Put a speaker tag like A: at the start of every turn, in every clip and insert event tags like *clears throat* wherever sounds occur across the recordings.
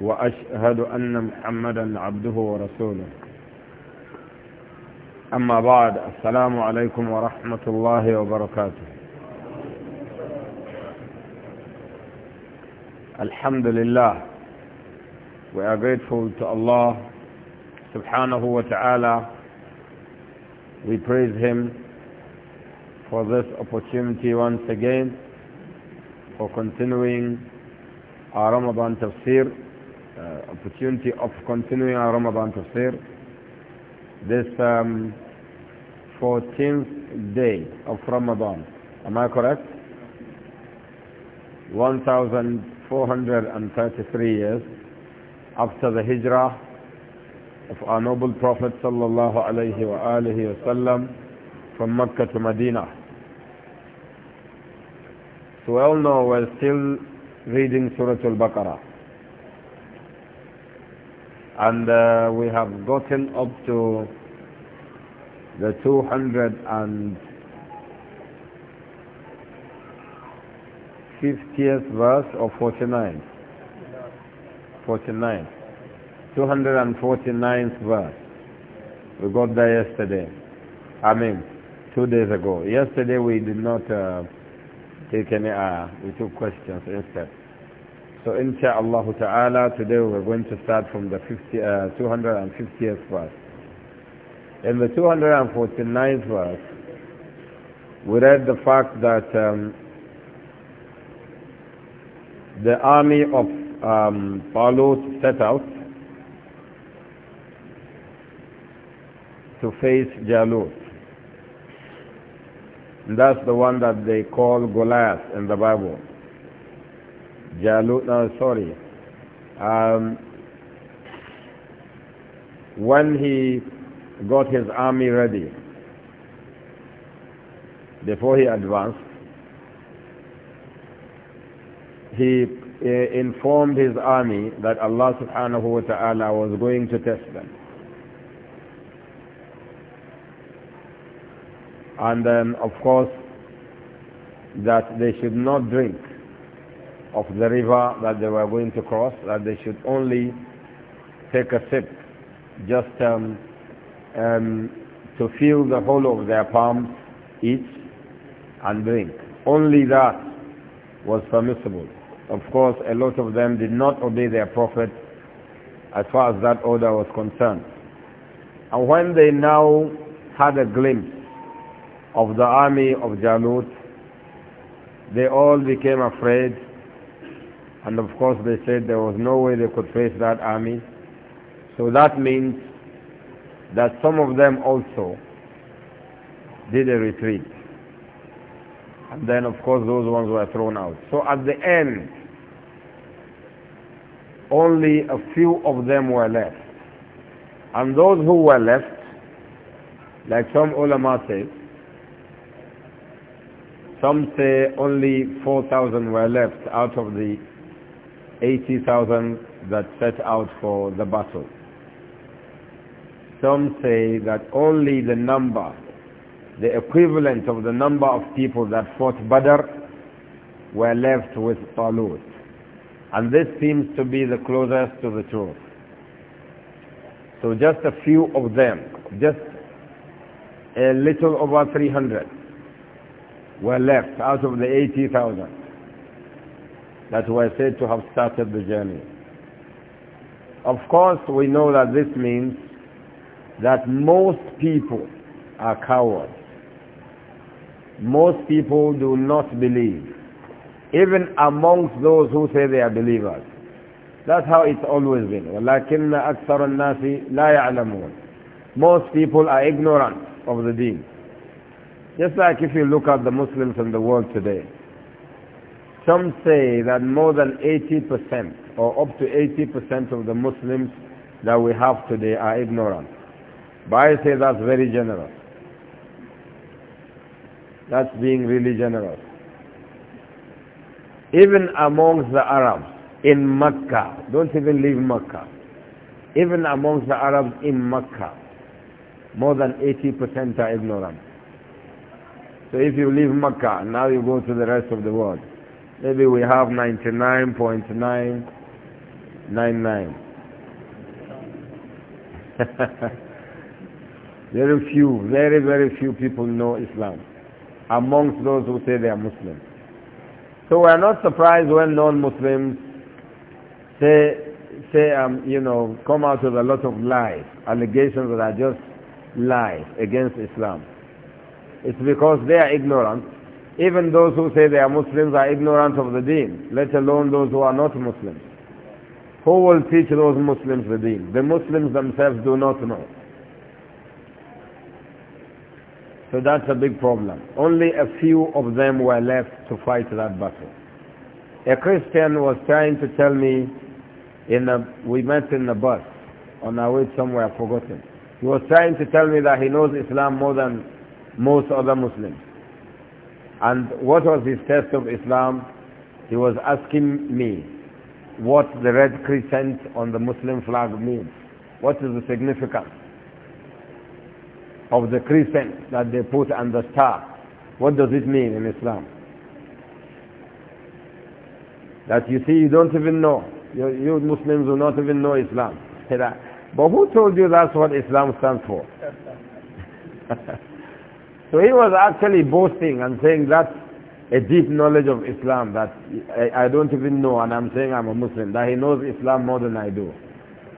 A: وأشهد أن محمدا عبده ورسوله أما بعد السلام عليكم ورحمة الله وبركاته الحمد لله we are grateful to Allah subhanahu wa ta'ala we praise him for this opportunity once again for continuing our Ramadan tafsir uh, opportunity of continuing our Ramadan Tafsir this um, 14th day of Ramadan. Am I correct? 1433 years after the hijrah of our noble Prophet sallallahu alaihi wasallam from Mecca to Medina. So we all know we're still reading Surah Al-Baqarah and uh, we have gotten up to the 250th verse or 49 49 249th verse we got there yesterday I mean two days ago yesterday we did not uh, take any uh, we took questions instead so insha'Allah ta'ala, today we're going to start from the 50, uh, 250th verse. In the 249th verse, we read the fact that um, the army of um, set out to face Jalut. And that's the one that they call Goliath in the Bible. Jalut, no, sorry. Um, when he got his army ready, before he advanced, he uh, informed his army that Allah subhanahu wa ta'ala was going to test them. And then, of course, that they should not drink of the river that they were going to cross, that they should only take a sip just um, um, to fill the whole of their palms each and drink. Only that was permissible. Of course, a lot of them did not obey their prophet as far as that order was concerned. And when they now had a glimpse of the army of Jalut, they all became afraid and of course they said there was no way they could face that army. So that means that some of them also did a retreat. And then of course those ones were thrown out. So at the end, only a few of them were left. And those who were left, like some ulama say, some say only 4,000 were left out of the 80,000 that set out for the battle. Some say that only the number, the equivalent of the number of people that fought Badr were left with Talut. And this seems to be the closest to the truth. So just a few of them, just a little over 300 were left out of the 80,000 that were said to have started the journey. Of course, we know that this means that most people are cowards. Most people do not believe, even amongst those who say they are believers. That's how it's always been. وَلَكِنَّ أَكْثَرَ النَّاسِ لَا يَعْلَمُونَ Most people are ignorant of the deen. Just like if you look at the Muslims in the world today, some say that more than 80% or up to 80% of the Muslims that we have today are ignorant. But I say that's very generous. That's being really generous. Even amongst the Arabs in Mecca, don't even leave Mecca. Even amongst the Arabs in Mecca, more than 80% are ignorant. So if you leave Mecca, now you go to the rest of the world. Maybe we have 99.999. *laughs* very few, very, very few people know Islam amongst those who say they are Muslims. So we are not surprised when non-Muslims say, say um, you know, come out with a lot of lies, allegations that are just lies against Islam. It's because they are ignorant even those who say they are Muslims are ignorant of the deen, let alone those who are not Muslims. Who will teach those Muslims the deen? The Muslims themselves do not know. So that's a big problem. Only a few of them were left to fight that battle. A Christian was trying to tell me, in a, we met in the bus on our way somewhere, forgotten. He was trying to tell me that he knows Islam more than most other Muslims. And what was his test of Islam? He was asking me what the red crescent on the Muslim flag means. What is the significance of the crescent that they put on the star? What does it mean in Islam? That you see, you don't even know. You, you Muslims do not even know Islam. *laughs* But who told you that's what Islam stands for? *laughs* So he was actually boasting and saying that's a deep knowledge of Islam that I, I don't even know and I'm saying I'm a Muslim, that he knows Islam more than I do.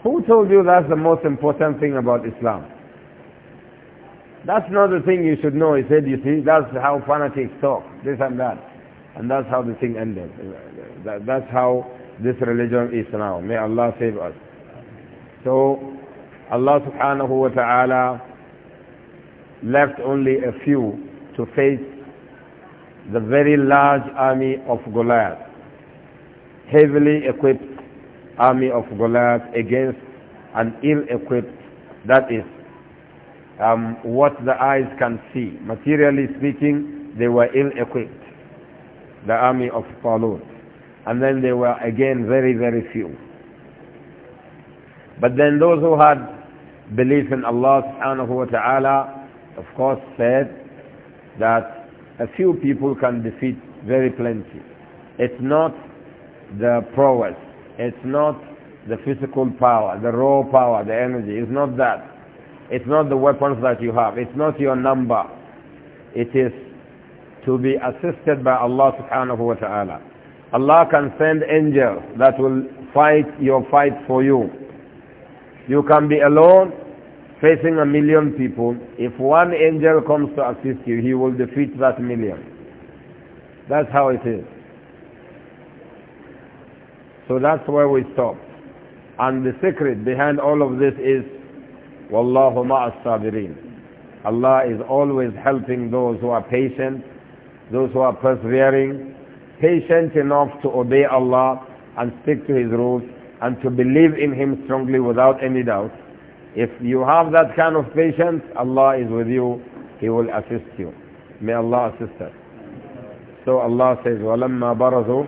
A: Who told you that's the most important thing about Islam? That's not the thing you should know. He said, you see, that's how fanatics talk, this and that. And that's how the thing ended. That, that's how this religion is now. May Allah save us. So, Allah subhanahu wa ta'ala left only a few to face the very large army of Goliath, heavily equipped army of Goliath against an ill-equipped, that is, um, what the eyes can see. Materially speaking, they were ill-equipped, the army of Talut. And then they were again very, very few. But then those who had belief in Allah subhanahu wa ta'ala of course, said that a few people can defeat very plenty. It's not the prowess. It's not the physical power, the raw power, the energy. It's not that. It's not the weapons that you have. It's not your number. It is to be assisted by Allah subhanahu wa ta'ala. Allah can send angels that will fight your fight for you. You can be alone facing a million people, if one angel comes to assist you, he will defeat that million. That's how it is. So that's where we stop. And the secret behind all of this is Wallahu ma'as sabirin. Allah is always helping those who are patient, those who are persevering, patient enough to obey Allah and stick to His rules and to believe in Him strongly without any doubt if you have that kind of patience, Allah is with you. He will assist you. May Allah assist us. So Allah says, وَلَمَّا بَرَزُوا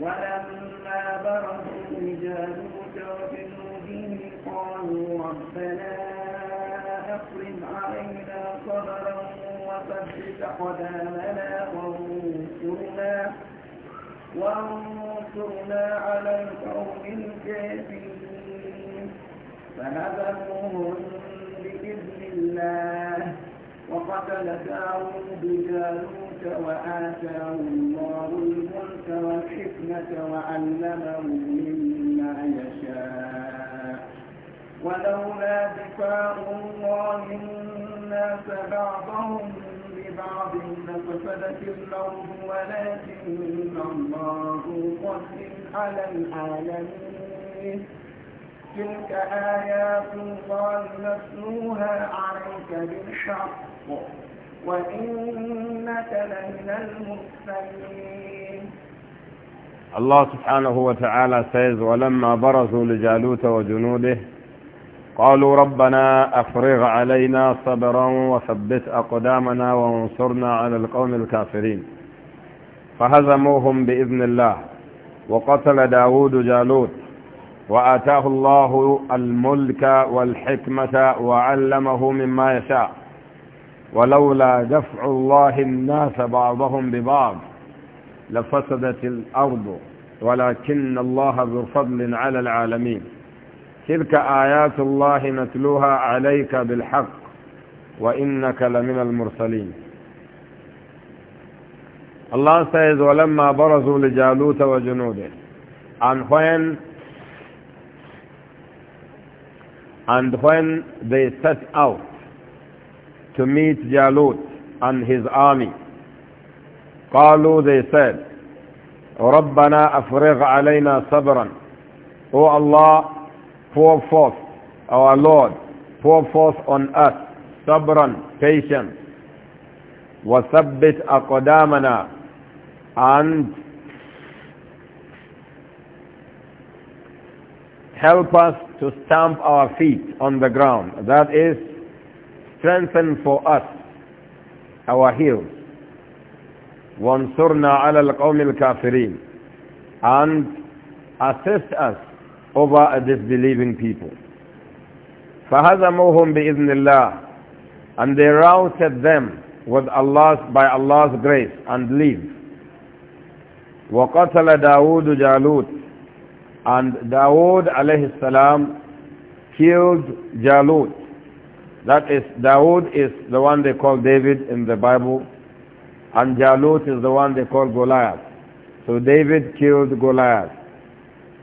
A: ولما برزوا لجالوت وجنوده
B: قالوا ربنا أفرغ علينا صبرا وثبت وانصرنا على القوم الكافرين فهزموهم بإذن الله وقتل داود بجالوت وآتاه الله الملك والحكمة وعلمه مما يشاء
A: ولولا دفاع الله الناس بعضهم بعض فسدت الأرض ولكن الله
B: قدر على العالمين تلك آيات الله نتلوها عليك بالحق وإنك لمن المرسلين
A: الله سبحانه وتعالى says ولما برزوا لجالوت وجنوده قالوا ربنا أفرغ علينا صبرا وثبت أقدامنا وانصرنا على القوم الكافرين فهزموهم بإذن الله وقتل داود جالوت وآتاه الله الملك والحكمة وعلمه مما يشاء ولولا دفع الله الناس بعضهم ببعض لفسدت الأرض ولكن الله ذو فضل على العالمين تلك آيات الله نتلوها عليك بالحق وإنك لمن المرسلين الله سيد وَلَمَّا بَرَزُوا لِجَالُوتَ وَجُنُودِهِ عن خوين and when they set out to meet Jalut and his army قالوا they said ربنا أفرغ علينا صبرا O Allah pour forth our Lord, pour forth on us sabran, patience, وثبت أقدامنا and help us to stamp our feet on the ground. That is, strengthen for us our heels. وانصرنا على القوم الكافرين and assist us over a disbelieving people. فَهَزَمُوهُمْ بِإِذْنِ اللَّهِ And they routed them with Allah's, by Allah's grace and leave. وَقَتَلَ دَاوُودُ جَالُوتَ And Dawood alayhi salam killed Jalut. That is, Dawood is the one they call David in the Bible, and Jalut is the one they call Goliath. So David killed Goliath.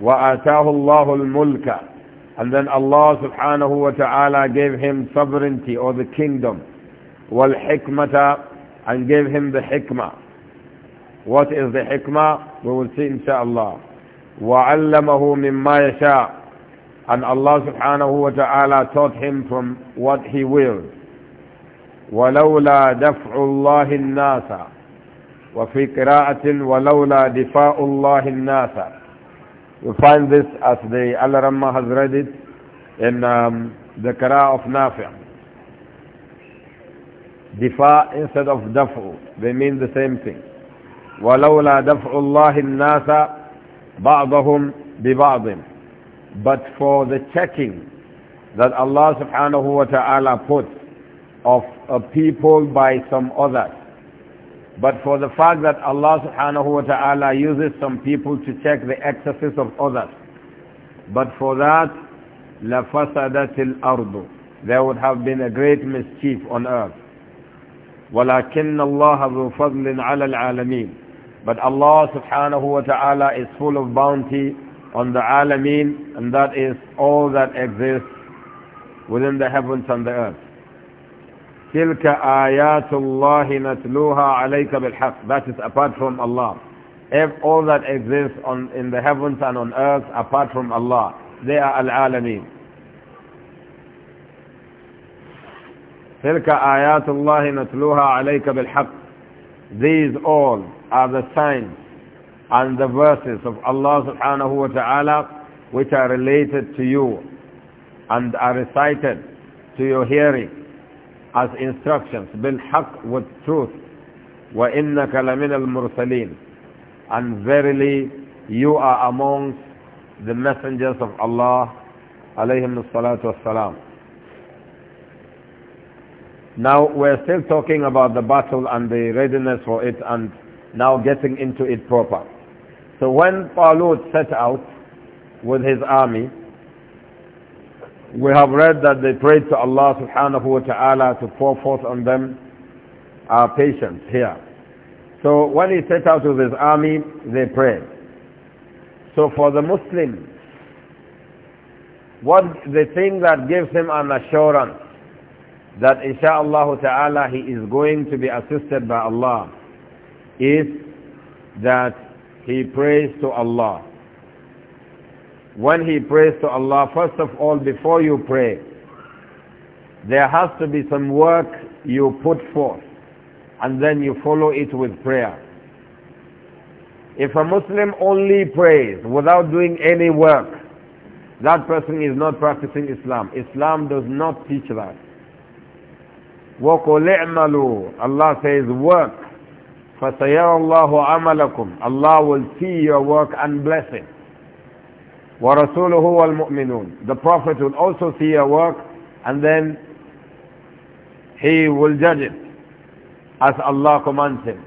A: وآتاه الله الملك and then Allah subhanahu wa ta'ala gave him sovereignty or the kingdom والحكمه and gave him the hikmah what is the hikmah we will see inshallah وعلمه مما يشاء and Allah subhanahu wa ta'ala taught him from what he willed ولولا دفع الله الناس وفي قراءة ولولا دفاع الله الناس You find this as the Al-Ramma has read it in um, the Qur'an of Nafi'. Difa instead of Daf'u. They mean the same thing. ولولا دفع الله الناس بعضهم ببعض but for the checking that Allah subhanahu wa ta'ala puts of a people by some others but for the fact that Allah subhanahu wa ta'ala uses some people to check the excesses of others. But for that, لَفَسَدَتِ الْأَرْضُ There would have been a great mischief on earth. وَلَكِنَّ اللَّهَ ذُو فَضْلٍ عَلَى الْعَالَمِينَ But Allah subhanahu wa ta'ala is full of bounty on the alameen, and that is all that exists within the heavens and the earth. تلك آيات الله نتلوها عليك بالحق that is apart from Allah if all that exists on, in the heavens and on earth apart from Allah they are al-alamin تلك آيات الله نتلوها عليك بالحق these all are the signs and the verses of Allah subhanahu wa ta'ala which are related to you and are recited to your hearing as instructions بالحق with truth وإنك لمن المرسلين and verily you are amongst the messengers of Allah عليهم الصلاة والسلام now we're still talking about the battle and the readiness for it and now getting into it proper so when Palut set out with his army we have read that they prayed to Allah subhanahu wa ta'ala to pour forth on them our patience here. So when he set out with his army, they prayed. So for the Muslim, what the thing that gives him an assurance that insha'Allah ta'ala he is going to be assisted by Allah is that he prays to Allah when he prays to Allah, first of all, before you pray, there has to be some work you put forth and then you follow it with prayer. If a Muslim only prays without doing any work, that person is not practicing Islam. Islam does not teach that. وَقُلِعْمَلُوا Allah says, work. فَسَيَرَ اللَّهُ عَمَلَكُمْ Allah will see your work and bless it. وَرَسُولُهُ وَالْمُؤْمِنُونَ The Prophet will also see your work and then he will judge it as Allah commands him.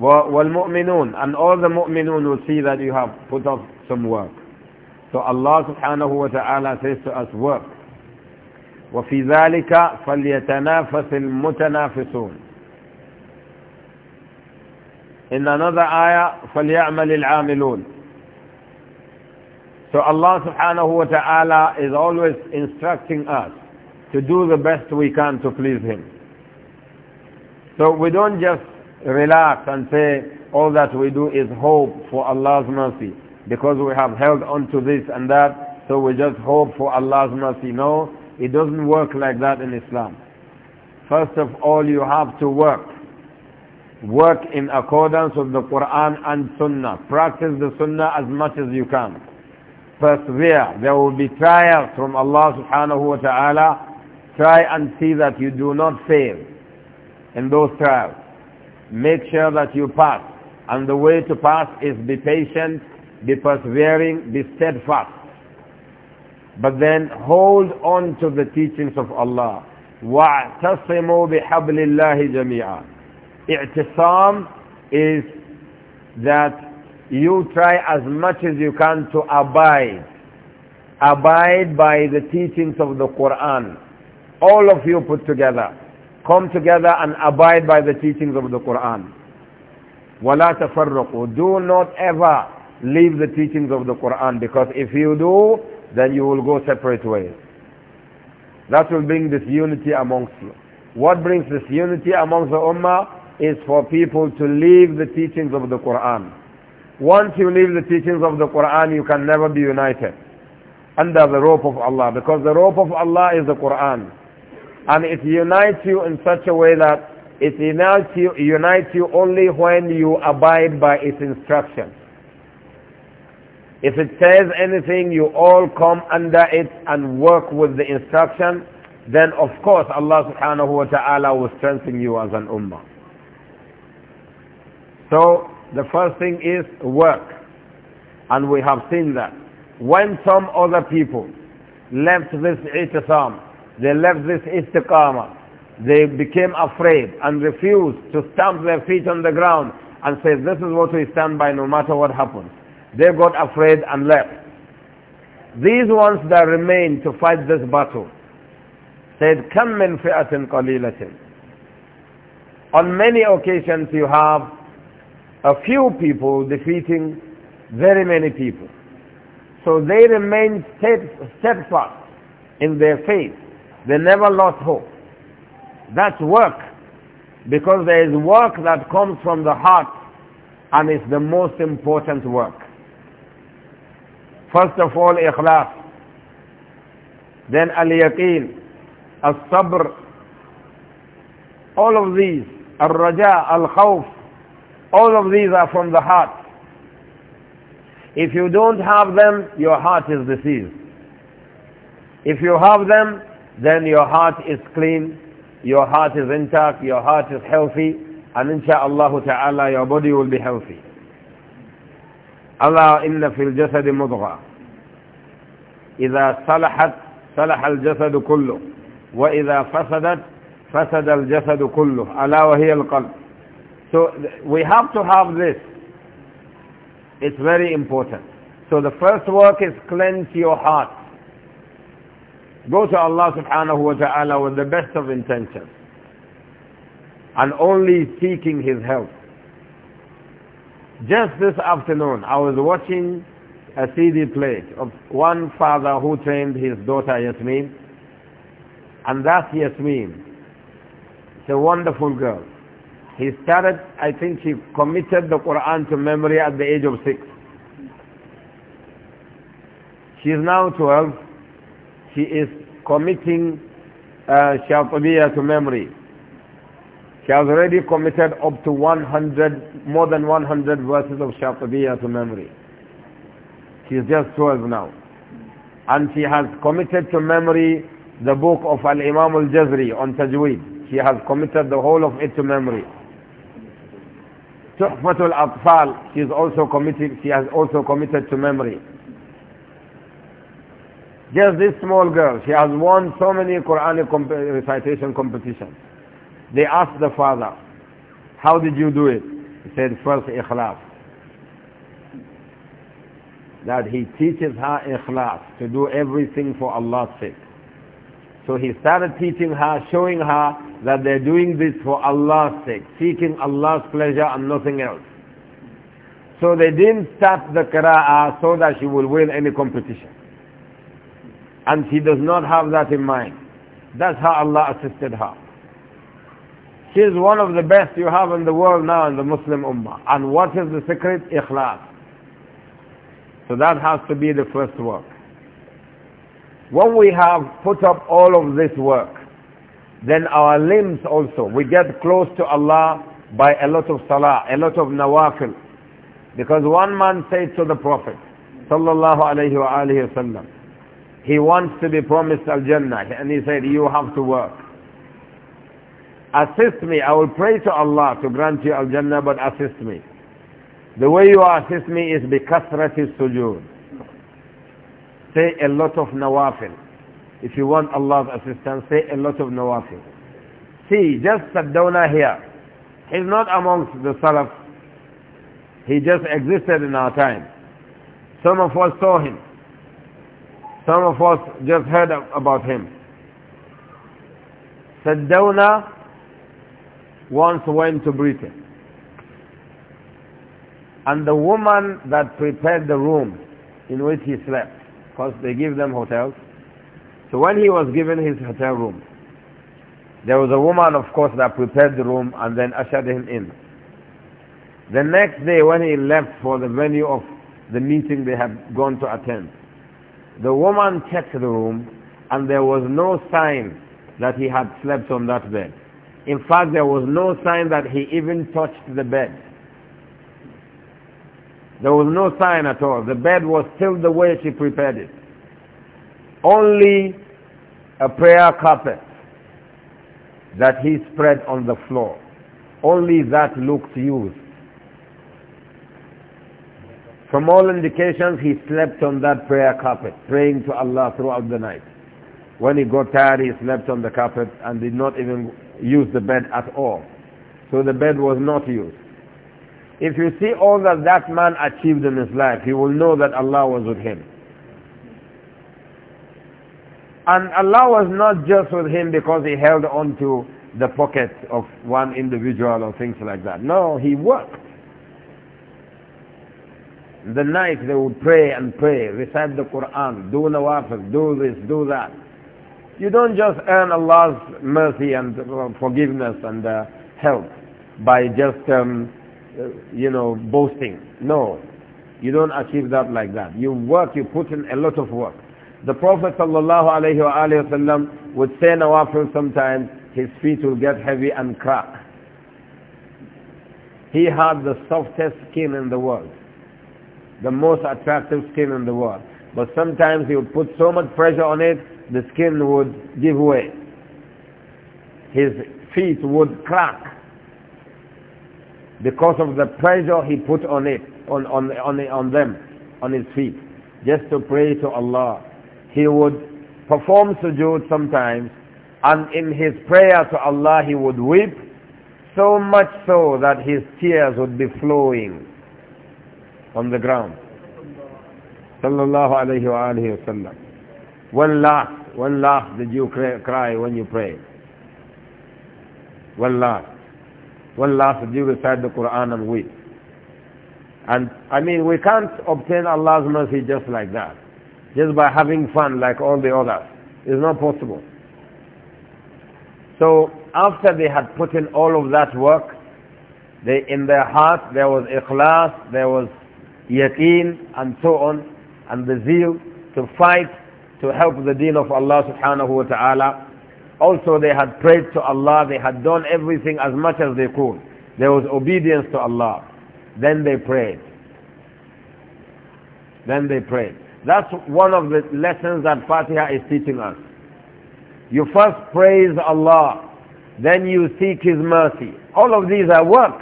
A: وَالْمُؤْمِنُونَ And all the mu'minun will see that you have put up some work. So Allah سبحانه وتعالى says to us, work. وَفِي ذَلِكَ فَلْيَتَنَافَسِ الْمُتَنَافِسُونَ In another ayah, فَلْيَعْمَلِ الْعَامِلُونَ so Allah subhanahu wa ta'ala is always instructing us to do the best we can to please Him. So we don't just relax and say all that we do is hope for Allah's mercy because we have held on to this and that so we just hope for Allah's mercy. No, it doesn't work like that in Islam. First of all, you have to work. Work in accordance with the Quran and Sunnah. Practice the Sunnah as much as you can persevere. There will be trials from Allah subhanahu wa ta'ala. Try and see that you do not fail in those trials. Make sure that you pass. And the way to pass is be patient, be persevering, be steadfast. But then hold on to the teachings of Allah. وَاعْتَصِمُوا بِحَبْلِ اللَّهِ جَمِيعًا I'tisam is that you try as much as you can to abide. Abide by the teachings of the Quran. All of you put together. Come together and abide by the teachings of the Quran. وَلَا تَفَرَّقُوا Do not ever leave the teachings of the Quran because if you do, then you will go separate ways. That will bring disunity amongst you. What brings disunity amongst the Ummah is for people to leave the teachings of the Quran. Once you leave the teachings of the Quran, you can never be united under the rope of Allah because the rope of Allah is the Quran. And it unites you in such a way that it unites you, unites you only when you abide by its instructions. If it says anything, you all come under it and work with the instruction, then of course Allah subhanahu wa ta'ala will strengthen you as an ummah. So the first thing is work. And we have seen that. When some other people left this itisam, they left this istiqamah, they became afraid and refused to stamp their feet on the ground and say, this is what we stand by no matter what happens. They got afraid and left. These ones that remain to fight this battle said, كَمْ مِنْ فِئَةٍ قَلِيلَةٍ On many occasions you have a few people defeating very many people. So they remained steadfast in their faith. They never lost hope. That's work. Because there is work that comes from the heart and it's the most important work. First of all, ikhlas. Then al-yaqeen, al-sabr. All of these, al-raja, al-khawf, all of these are from the heart. If you don't have them, your heart is diseased. If you have them, then your heart is clean, your heart is intact, your heart is healthy, and insha'Allah ta'ala your body will be healthy. Allah inna fil jasadi mudgha. إذا صلحت صلح الجسد كله وإذا فسدت فسد الجسد كله ألا وهي القلب so we have to have this. It's very important. So the first work is cleanse your heart. Go to Allah subhanahu wa ta'ala with the best of intentions and only seeking His help. Just this afternoon, I was watching a CD plate of one father who trained his daughter Yasmin, and that's Yasmin. It's a wonderful girl. He started, I think he committed the Quran to memory at the age of six. She is now 12. She is committing uh, biyah to memory. She has already committed up to 100, more than 100 verses of al-Biyah to memory. She is just 12 now. And she has committed to memory the book of Al-Imam Al-Jazri on Tajweed. She has committed the whole of it to memory. Tuhfatul Atfal, she, is also committed, she has also committed to memory. Just this small girl, she has won so many Quranic comp recitation competitions. They asked the father, how did you do it? He said, first ikhlas. That he teaches her ikhlas, to do everything for Allah's sake. So he started teaching her, showing her that they're doing this for Allah's sake, seeking Allah's pleasure and nothing else. So they didn't start the qira'ah so that she will win any competition. And she does not have that in mind. That's how Allah assisted her. She is one of the best you have in the world now in the Muslim Ummah. And what is the secret? Ikhlas. So that has to be the first work. When we have put up all of this work, then our limbs also, we get close to Allah by a lot of salah, a lot of nawafil. Because one man said to the Prophet, sallallahu alaihi wasallam, he wants to be promised al-Jannah, and he said, you have to work. Assist me, I will pray to Allah to grant you al-Jannah, but assist me. The way you assist me is bi kasrati sujood Say a lot of nawafil. If you want Allah's assistance, say a lot of nawafil. See, just Saddawna here. He's not amongst the Salaf. He just existed in our time. Some of us saw him. Some of us just heard about him. Saddawna once went to Britain. And the woman that prepared the room in which he slept, because they give them hotels. So when he was given his hotel room, there was a woman, of course, that prepared the room and then ushered him in. The next day when he left for the venue of the meeting they had gone to attend, the woman checked the room and there was no sign that he had slept on that bed. In fact, there was no sign that he even touched the bed. There was no sign at all. The bed was still the way she prepared it. Only a prayer carpet that he spread on the floor. Only that looked used. From all indications, he slept on that prayer carpet, praying to Allah throughout the night. When he got tired, he slept on the carpet and did not even use the bed at all. So the bed was not used. If you see all that that man achieved in his life, you will know that Allah was with him. And Allah was not just with him because he held on to the pockets of one individual or things like that. No, he worked. The night they would pray and pray, recite the Quran, do nawafil, do this, do that. You don't just earn Allah's mercy and forgiveness and uh, help by just um, uh, you know, boasting. No, you don't achieve that like that. You work, you put in a lot of work. The Prophet ﷺ would say Nawafil sometimes, his feet will get heavy and crack. He had the softest skin in the world, the most attractive skin in the world. But sometimes he would put so much pressure on it, the skin would give way. His feet would crack because of the pressure he put on it, on, on, on, on them, on his feet, just to pray to Allah. He would perform sujood sometimes, and in his prayer to Allah he would weep, so much so that his tears would be flowing on the ground. Sallallahu alayhi wa alayhi wa sallam. When last, when last did you cry when you prayed? When last? One last do you recite the Quran and weep? And I mean, we can't obtain Allah's mercy just like that, just by having fun like all the others. It's not possible. So after they had put in all of that work, they, in their heart there was ikhlas, there was yaqeen and so on, and the zeal to fight to help the deen of Allah subhanahu wa ta'ala also they had prayed to Allah, they had done everything as much as they could. There was obedience to Allah. Then they prayed. Then they prayed. That's one of the lessons that Fatiha is teaching us. You first praise Allah, then you seek His mercy. All of these are work.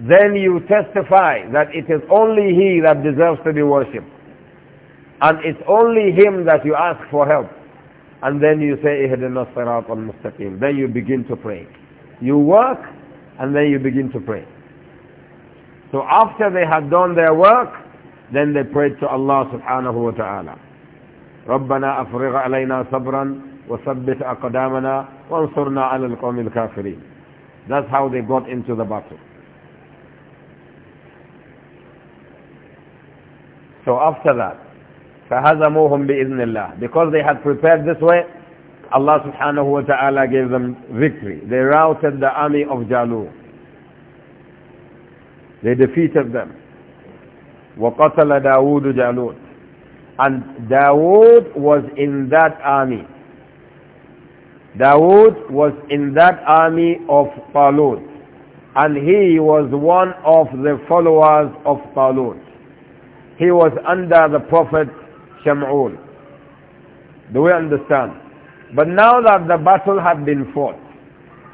A: Then you testify that it is only He that deserves to be worshipped. And it's only Him that you ask for help and then you say ihdina al-mustaqim then you begin to pray you work and then you begin to pray so after they had done their work then they prayed to Allah subhanahu wa ta'ala ربنا أفرغ علينا صبرا وثبت أقدامنا وانصرنا على القوم الكافرين that's how they got into the battle so after that فَهَزَمُوهُمْ بِإِذْنِ اللَّهِ Because they had prepared this way, Allah subhanahu wa ta'ala gave them victory. They routed the army of Jalut. They defeated them. وَقَتَلَ داود جَالُوتَ And Dawood was in that army. Dawood was in that army of Talut. And he was one of the followers of Talut. He was under the Prophet Sham'ul. Do we understand? But now that the battle had been fought,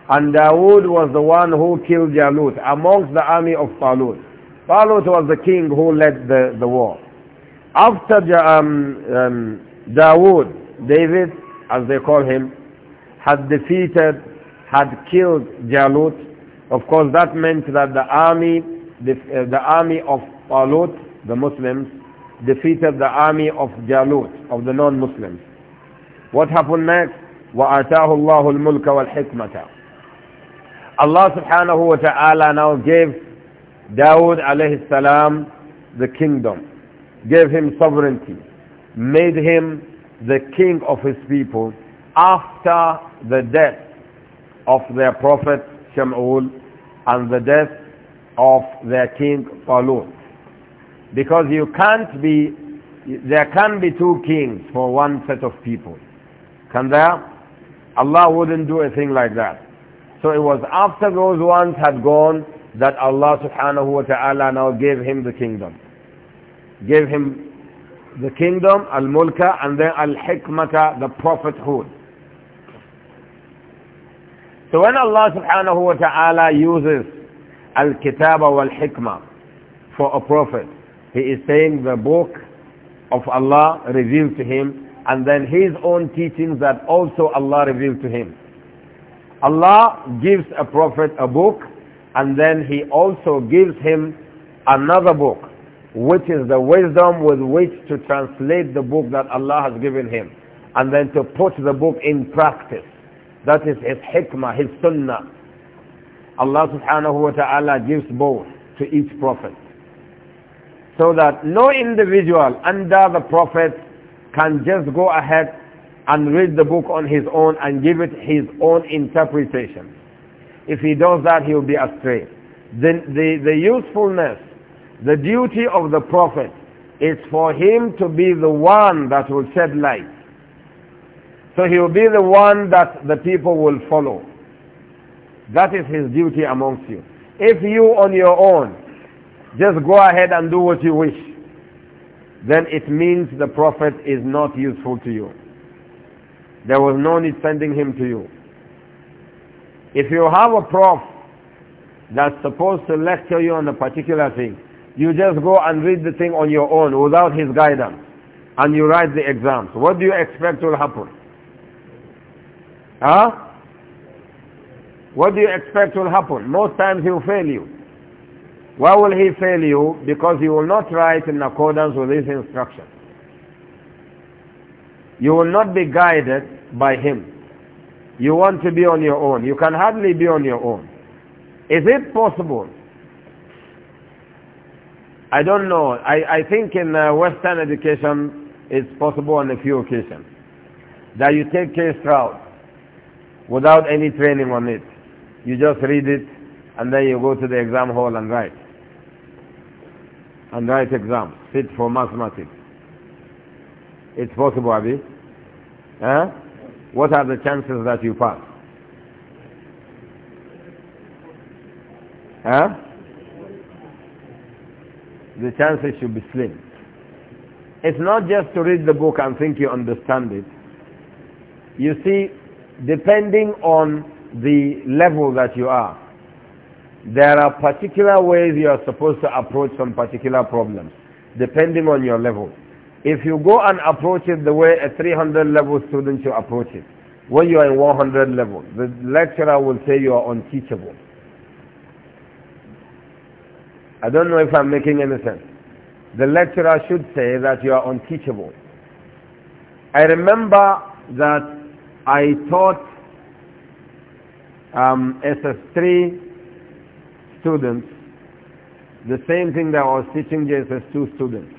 A: and Dawood was the one who killed Jalut amongst the army of Talut. Talut was the king who led the, the war. After um, um, Dawood, David, as they call him, had defeated, had killed Jalut, of course that meant that the army, the, uh, the army of Talut, the Muslims, defeated the army of Jalut, of the non-Muslims. What happened next? وَآتَاهُ اللَّهُ الْمُلْكَ وَالْحِكْمَةَ Allah subhanahu wa ta'ala now gave Dawood alayhi salam the kingdom, gave him sovereignty, made him the king of his people after the death of their prophet Sham'ul and the death of their king Talut. Because you can't be, there can be two kings for one set of people. Can there? Allah wouldn't do a thing like that. So it was after those ones had gone that Allah subhanahu wa ta'ala now gave him the kingdom. Gave him the kingdom, al-mulka, and then al-hikmata, the prophethood. So when Allah subhanahu wa ta'ala uses al-kitaba wal-hikmah for a prophet, he is saying the book of Allah revealed to him and then his own teachings that also Allah revealed to him. Allah gives a prophet a book and then he also gives him another book which is the wisdom with which to translate the book that Allah has given him and then to put the book in practice. That is his hikmah, his sunnah. Allah subhanahu wa ta'ala gives both to each prophet. So that no individual under the Prophet can just go ahead and read the book on his own and give it his own interpretation. If he does that, he will be astray. The, the, the usefulness, the duty of the Prophet is for him to be the one that will shed light. So he will be the one that the people will follow. That is his duty amongst you. If you on your own just go ahead and do what you wish. Then it means the Prophet is not useful to you. There was no need sending him to you. If you have a prof that's supposed to lecture you on a particular thing, you just go and read the thing on your own without his guidance and you write the exams. What do you expect will happen? Huh? What do you expect will happen? Most times he'll fail you. Why will he fail you? Because you will not write in accordance with his instruction. You will not be guided by him. You want to be on your own. You can hardly be on your own. Is it possible? I don't know. I, I think in uh, Western education it's possible on a few occasions that you take case route without any training on it. You just read it and then you go to the exam hall and write and write exam. Sit for mathematics. It's possible, Abi. Eh? What are the chances that you pass? Eh? The chances should be slim. It's not just to read the book and think you understand it. You see, depending on the level that you are, there are particular ways you are supposed to approach some particular problems, depending on your level. If you go and approach it the way a 300 level student should approach it, when you are in 100 level, the lecturer will say you are unteachable. I don't know if I'm making any sense. The lecturer should say that you are unteachable. I remember that I taught um, SS3 students the same thing that I was teaching as 2 students.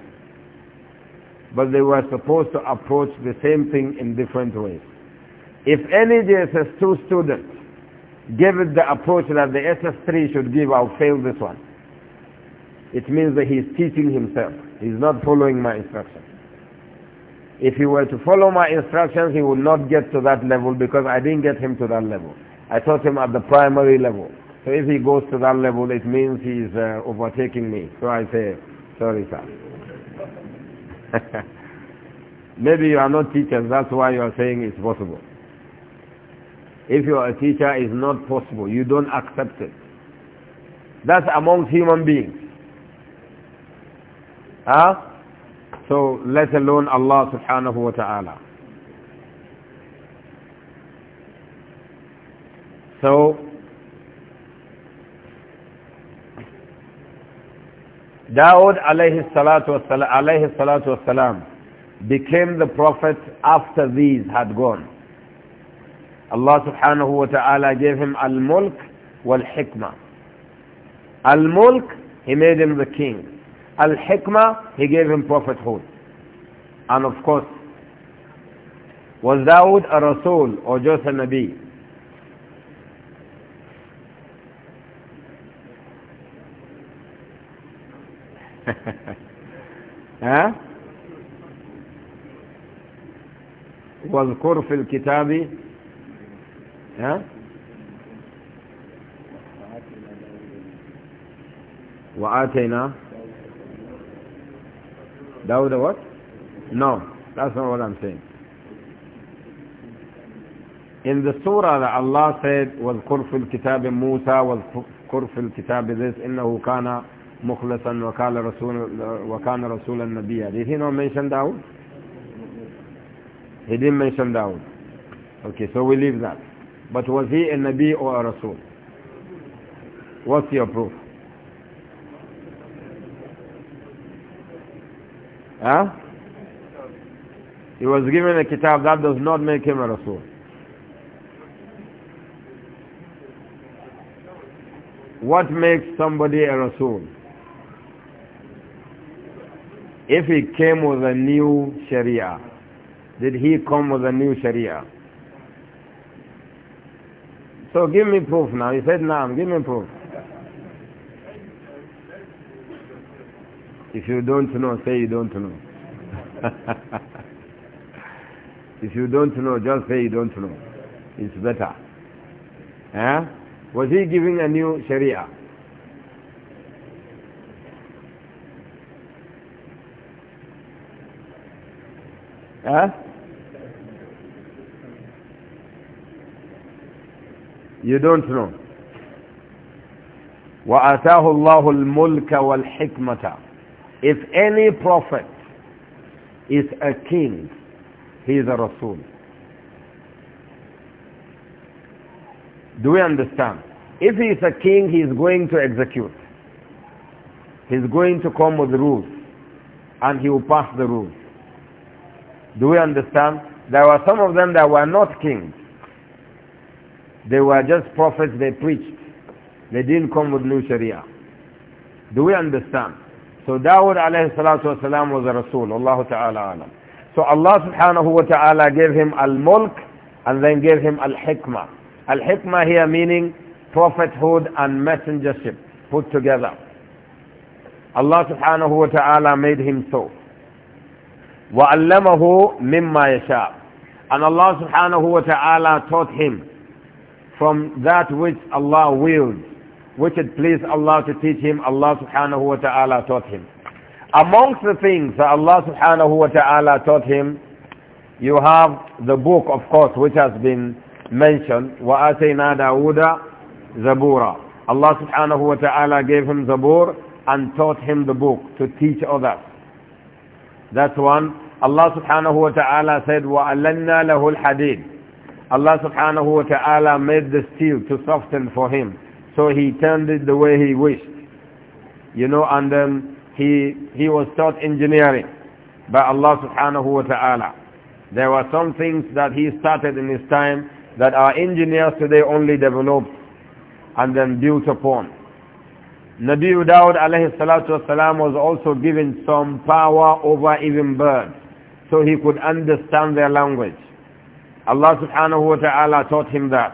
A: But they were supposed to approach the same thing in different ways. If any JSS2 student gave it the approach that the SS3 should give, I'll fail this one. It means that he's teaching himself. He's not following my instructions. If he were to follow my instructions, he would not get to that level because I didn't get him to that level. I taught him at the primary level. So if he goes to that level, it means he's uh, overtaking me. So I say, sorry, sir. *laughs* Maybe you are not teachers, that's why you are saying it's possible. If you are a teacher, it's not possible. You don't accept it. That's amongst human beings. Huh? So let alone Allah subhanahu wa ta'ala. So Dawood alayhi salatu wasalam became the prophet after these had gone. Allah subhanahu wa ta'ala gave him al-mulk wal-hikmah. Al-mulk, he made him the king. Al-hikmah, he gave him prophethood. And of course, was Dawood a Rasul or just a Nabi? *laughs* ها واذكر في الكتاب ها وآتينا داود what? No, that's not what I'm saying. In the surah that Allah said, وَذْكُرْ فِي الْكِتَابِ مُوسَى وَذْكُرْ فِي الْكِتَابِ this إِنَّهُ كَانَ مخلصا وكان رسول وكان رسول النبي did he not mention Dawood he didn't mention Dawood okay so we leave that but was he a Nabi or a Rasul what's your proof huh he was given a kitab that does not make him a Rasul what makes somebody a Rasul if he came with a new Sharia, did he come with a new Sharia? So give me proof now. He said, Naam, give me proof. If you don't know, say you don't know. *laughs* if you don't know, just say you don't know. It's better. Eh? Was he giving a new Sharia? You don't know. وَآتَاهُ اللَّهُ الْمُلْكَ وَالْحِكْمَةَ If any prophet is a king, he is a Rasul. Do we understand? If he is a king, he is going to execute. He is going to come with rules. And he will pass the rules. Do we understand? There were some of them that were not kings. They were just prophets, they preached. They didn't come with new Sharia. Do we understand? So Dawood alayhi salatu wasalam was a Rasul, Allah ta'ala alam. So Allah subhanahu wa ta'ala gave him al-mulk and then gave him al-hikmah. Al-hikmah here meaning prophethood and messengership put together. Allah subhanahu wa ta'ala made him so. وَعَلَّمَهُ مِمَّا يَشَاءُ And Allah subhanahu wa ta'ala taught him from that which Allah willed, which it pleased Allah to teach him, Allah subhanahu wa ta'ala taught him. Amongst the things that Allah subhanahu wa ta'ala taught him, you have the book, of course, which has been mentioned, وَآتَيْنَا دَاوُودَ زَبُورًا Allah subhanahu wa ta'ala gave him Zabur and taught him the book to teach others. That's one. Allah subhanahu wa ta'ala said, وَأَلَنَّا لَهُ الْحَدِيدِ Allah subhanahu wa ta'ala made the steel to soften for him. So he turned it the way he wished. You know, and then he, he was taught engineering by Allah subhanahu wa ta'ala. There were some things that he started in his time that our engineers today only developed and then built upon. Nabi Dawud alayhi salatu wasalam was also given some power over even birds so he could understand their language. Allah subhanahu wa ta'ala taught him that.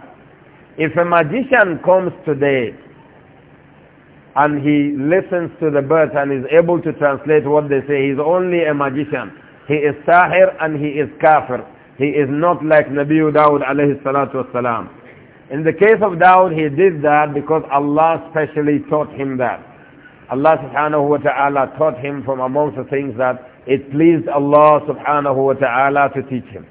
A: If a magician comes today and he listens to the birds and is able to translate what they say, he's only a magician. He is sahir and he is kafir. He is not like Nabi Dawud alayhi salatu wasalam. In the case of Dawud, he did that because Allah specially taught him that. Allah subhanahu wa ta'ala taught him from amongst the things that it pleased Allah subhanahu wa ta'ala to teach him.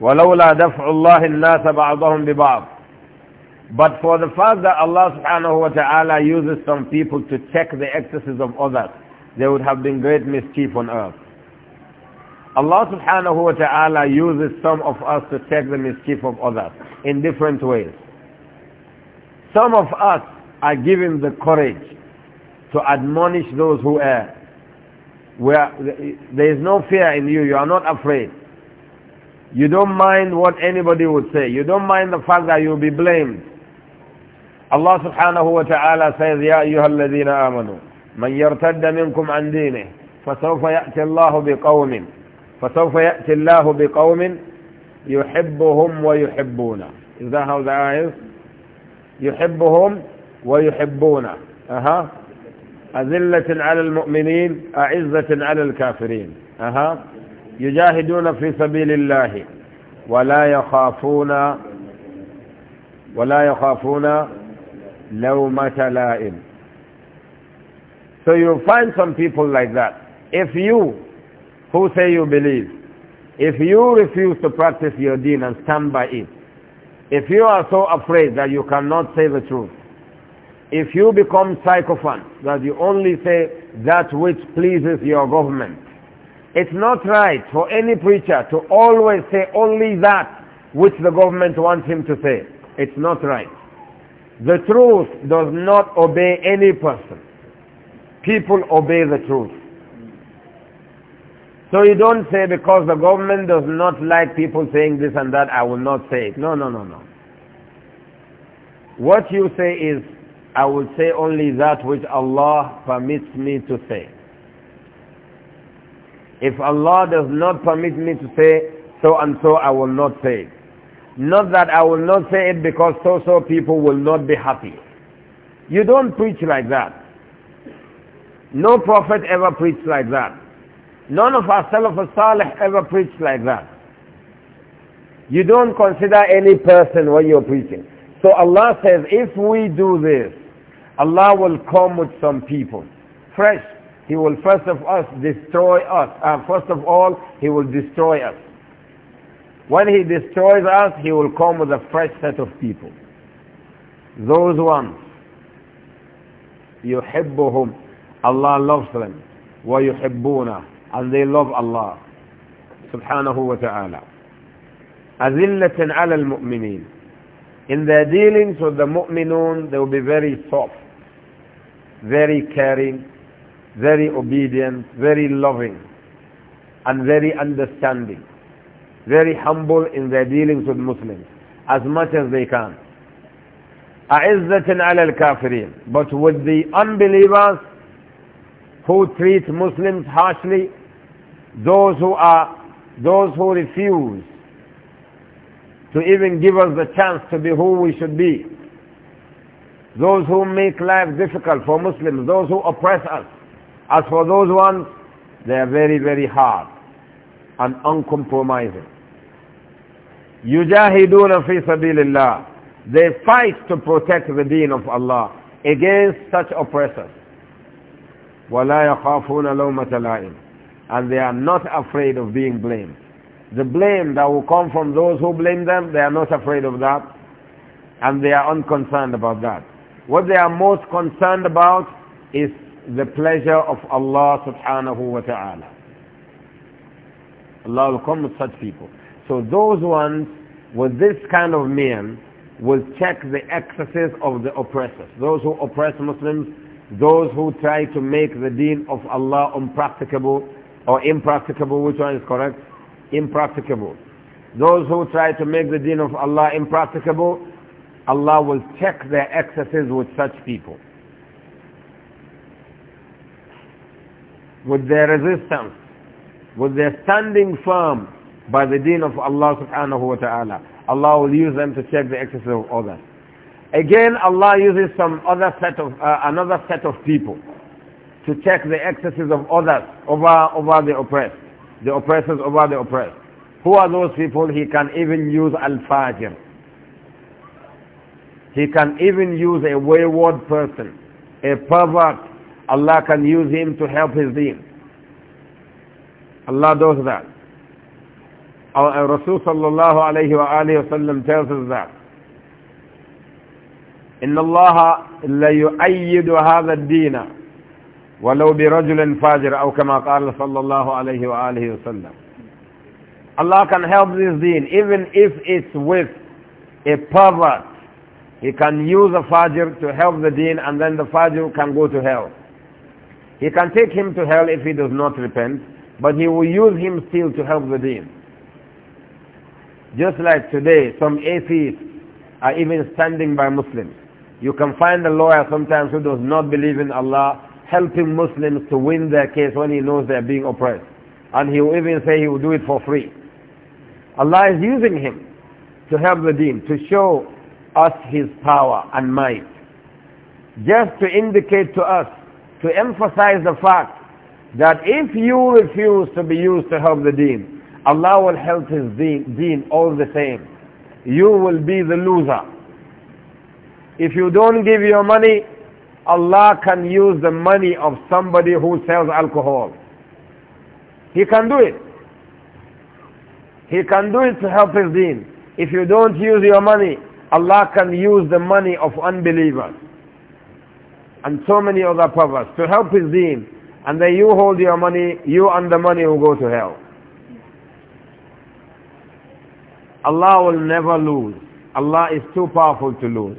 A: ولولا دفع الله الناس بعضهم ببعض But for the fact that Allah subhanahu wa ta'ala uses some people to check the excesses of others, there would have been great mischief on earth. Allah subhanahu wa ta'ala uses some of us to take the mischief of others in different ways. Some of us are given the courage to admonish those who err. Where there is no fear in you, you are not afraid. You don't mind what anybody would say. You don't mind the fact that you'll be blamed. Allah subhanahu wa ta'ala says, يَا أَيُّهَا الَّذِينَ آمَنُوا مَنْ يَرْتَدَّ مِنْكُمْ عَنْ دِينِهِ فَسَوْفَ يأت اللَّهُ بِقَوْمٍ فسوف يأتي الله بقوم يحبهم ويحبون Is that how the ayah is? يحبهم ويحبون أها أذلة على المؤمنين أعزة على الكافرين أها يجاهدون في سبيل الله ولا يخافون ولا يخافون لومة لائم So you'll find some people like that. If you who say you believe, if you refuse to practice your deen and stand by it, if you are so afraid that you cannot say the truth, if you become psychophant that you only say that which pleases your government, it's not right for any preacher to always say only that which the government wants him to say. It's not right. The truth does not obey any person. People obey the truth. So you don't say because the government does not like people saying this and that, I will not say it. No, no, no, no. What you say is, I will say only that which Allah permits me to say. If Allah does not permit me to say so and so, I will not say it. Not that I will not say it because so-so people will not be happy. You don't preach like that. No prophet ever preached like that. None of our Salaf al-Salih ever preached like that. You don't consider any person when you're preaching. So Allah says, if we do this, Allah will come with some people. Fresh. He will first of us destroy us. Uh, first of all, He will destroy us. When He destroys us, He will come with a fresh set of people. Those ones, يحبهم Allah loves them. وَيُحِبُّونَ and they love Allah subhanahu wa ta'ala. Azillatin ala al-mu'mineen. In their dealings with the mu'minun, they will be very soft, very caring, very obedient, very loving, and very understanding. Very humble in their dealings with Muslims, as much as they can. A'izzatin ala al-kafirin. But with the unbelievers who treat Muslims harshly, those who are, those who refuse to even give us the chance to be who we should be. Those who make life difficult for Muslims, those who oppress us. As for those ones, they are very, very hard and uncompromising. يجاهدون fi سبيل They fight to protect the deen of Allah against such oppressors. ولا يخافون لومة لائم and they are not afraid of being blamed. The blame that will come from those who blame them, they are not afraid of that and they are unconcerned about that. What they are most concerned about is the pleasure of Allah subhanahu wa ta'ala. Allah will come with such people. So those ones with this kind of men will check the excesses of the oppressors. Those who oppress Muslims, those who try to make the deen of Allah unpracticable, or impracticable, which one is correct? Impracticable. Those who try to make the deen of Allah impracticable, Allah will check their excesses with such people. With their resistance, with their standing firm by the deen of Allah subhanahu wa ta'ala. Allah will use them to check the excesses of others. Again, Allah uses some other set of, uh, another set of people to check the excesses of others over, over the oppressed, the oppressors over the oppressed. Who are those people? He can even use al-fajr. He can even use a wayward person, a pervert. Allah can use him to help his deen. Allah does that. Our Rasul sallallahu alayhi wa alayhi wa tells us that. إن الله لا يؤيد هذا الدين ولو برجل فاجر أو كما قال صلى الله عليه وآله وسلم Allah can help this deen even if it's with a pervert he can use a fajr to help the deen and then the fajr can go to hell he can take him to hell if he does not repent but he will use him still to help the deen just like today some atheists are even standing by Muslims you can find a lawyer sometimes who does not believe in Allah helping Muslims to win their case when he knows they're being oppressed. And he will even say he will do it for free. Allah is using him to help the deen, to show us his power and might. Just to indicate to us, to emphasize the fact that if you refuse to be used to help the deen, Allah will help his deen, deen all the same. You will be the loser. If you don't give your money, Allah can use the money of somebody who sells alcohol. He can do it. He can do it to help his deen. If you don't use your money, Allah can use the money of unbelievers and so many other powers to help his deen. And then you hold your money, you and the money will go to hell. Allah will never lose. Allah is too powerful to lose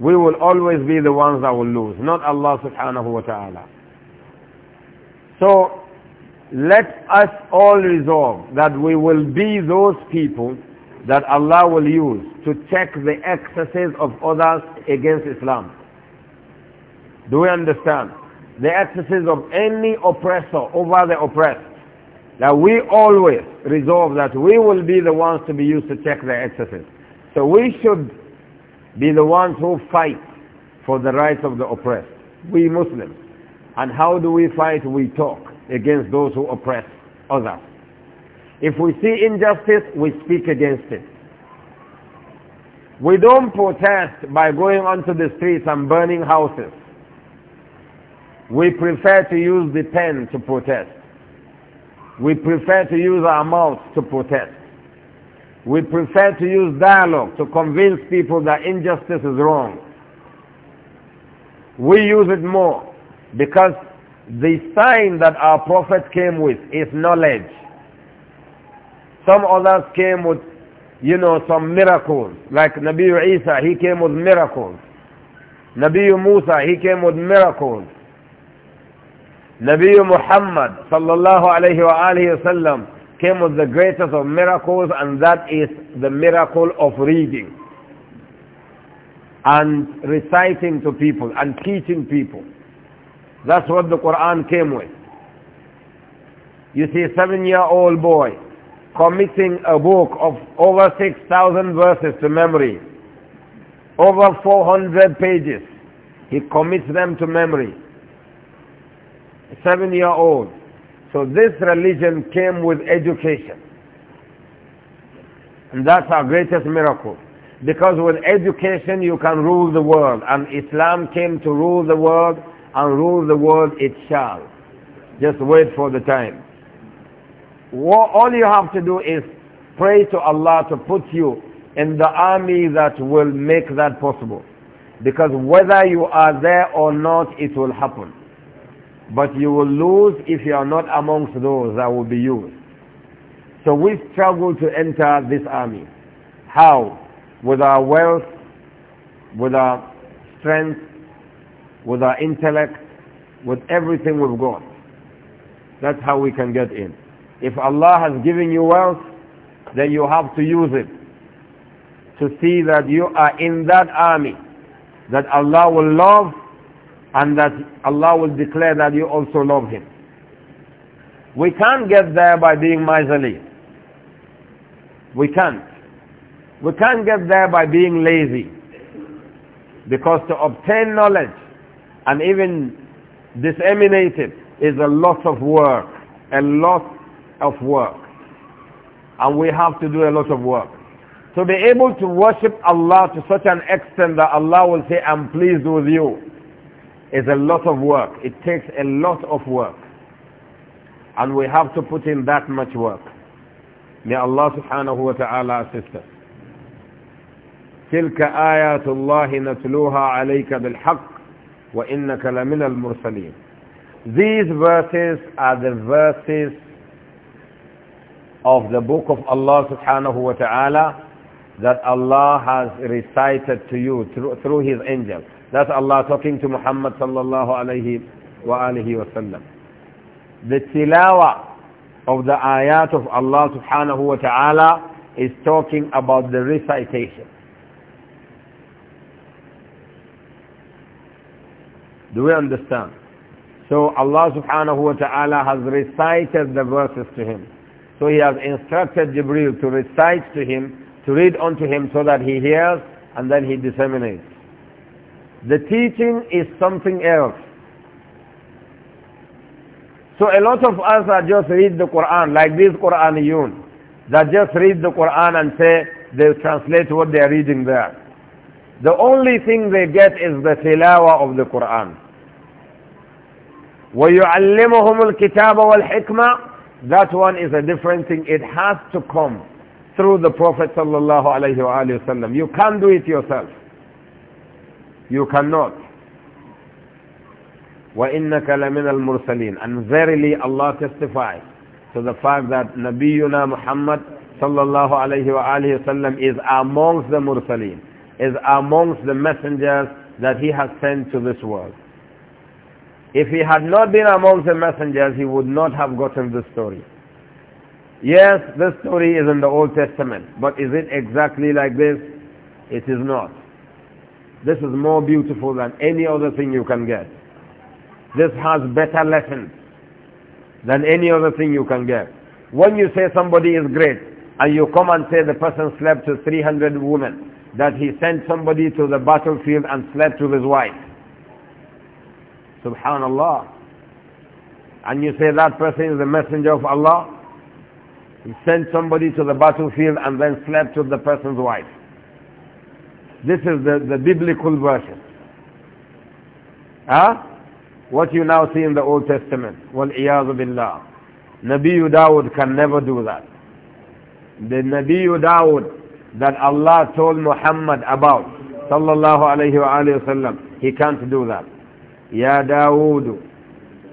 A: we will always be the ones that will lose, not Allah subhanahu wa ta'ala. So let us all resolve that we will be those people that Allah will use to check the excesses of others against Islam. Do we understand? The excesses of any oppressor over the oppressed. That we always resolve that we will be the ones to be used to check the excesses. So we should be the ones who fight for the rights of the oppressed, we Muslims. And how do we fight? We talk against those who oppress others. If we see injustice, we speak against it. We don't protest by going onto the streets and burning houses. We prefer to use the pen to protest. We prefer to use our mouths to protest. We prefer to use dialogue to convince people that injustice is wrong. We use it more because the sign that our prophet came with is knowledge. Some others came with, you know, some miracles. Like Nabi Isa, he came with miracles. Nabi Musa, he came with miracles. Nabi Muhammad sallallahu alayhi wa alihi wa sallam, came with the greatest of miracles and that is the miracle of reading and reciting to people and teaching people. That's what the Quran came with. You see a seven-year-old boy committing a book of over 6,000 verses to memory, over 400 pages. He commits them to memory. seven-year-old so this religion came with education. And that's our greatest miracle. Because with education you can rule the world. And Islam came to rule the world and rule the world it shall. Just wait for the time. All you have to do is pray to Allah to put you in the army that will make that possible. Because whether you are there or not, it will happen. But you will lose if you are not amongst those that will be used. So we struggle to enter this army. How? With our wealth, with our strength, with our intellect, with everything we've got. That's how we can get in. If Allah has given you wealth, then you have to use it to see that you are in that army that Allah will love and that Allah will declare that you also love him. We can't get there by being miserly. We can't. We can't get there by being lazy. Because to obtain knowledge and even disseminate it is a lot of work. A lot of work. And we have to do a lot of work. To be able to worship Allah to such an extent that Allah will say, I'm pleased with you is a lot of work. It takes a lot of work. And we have to put in that much work. May Allah subhanahu wa ta'ala assist us. تلك آيات الله نتلوها عليك بالحق وإنك لمن المرسلين These verses are the verses of the book of Allah subhanahu wa ta'ala that Allah has recited to you through, through his angels. That's Allah talking to Muhammad sallallahu alayhi wa alihi wa sallam. The tilawa of the ayat of Allah subhanahu wa ta'ala is talking about the recitation. Do we understand? So Allah subhanahu wa ta'ala has recited the verses to him. So he has instructed Jibril to recite to him, to read unto him so that he hears and then he disseminates. The teaching is something else. So a lot of us are just read the Quran, like Quran Yun, that just read the Quran and say they translate what they are reading there. The only thing they get is the tilawa of the Quran. وَيُعَلِّمُهُمُ الْكِتَابَ وَالْحِكْمَةِ That one is a different thing. It has to come through the Prophet sallallahu alayhi wa You can't do it yourself. You cannot. وَإِنَّكَ لَمِنَ الْمُرْسَلِينَ And verily Allah testifies to the fact that Nabiyuna Muhammad sallallahu alayhi wa sallam is amongst the mursaleen, is amongst the messengers that he has sent to this world. If he had not been amongst the messengers, he would not have gotten this story. Yes, this story is in the Old Testament, but is it exactly like this? It is not. This is more beautiful than any other thing you can get. This has better lessons than any other thing you can get. When you say somebody is great and you come and say the person slept with 300 women, that he sent somebody to the battlefield and slept with his wife. Subhanallah. And you say that person is the messenger of Allah. He sent somebody to the battlefield and then slept with the person's wife. This is the, the biblical version. Huh? What you now see in the Old Testament. وَالْعِيَاذُ بِاللَّهِ Nabi Dawood can never do that. The Nabi Dawood that Allah told Muhammad about, sallallahu alayhi wa sallam, he can't do that. يَا دَاوُودُ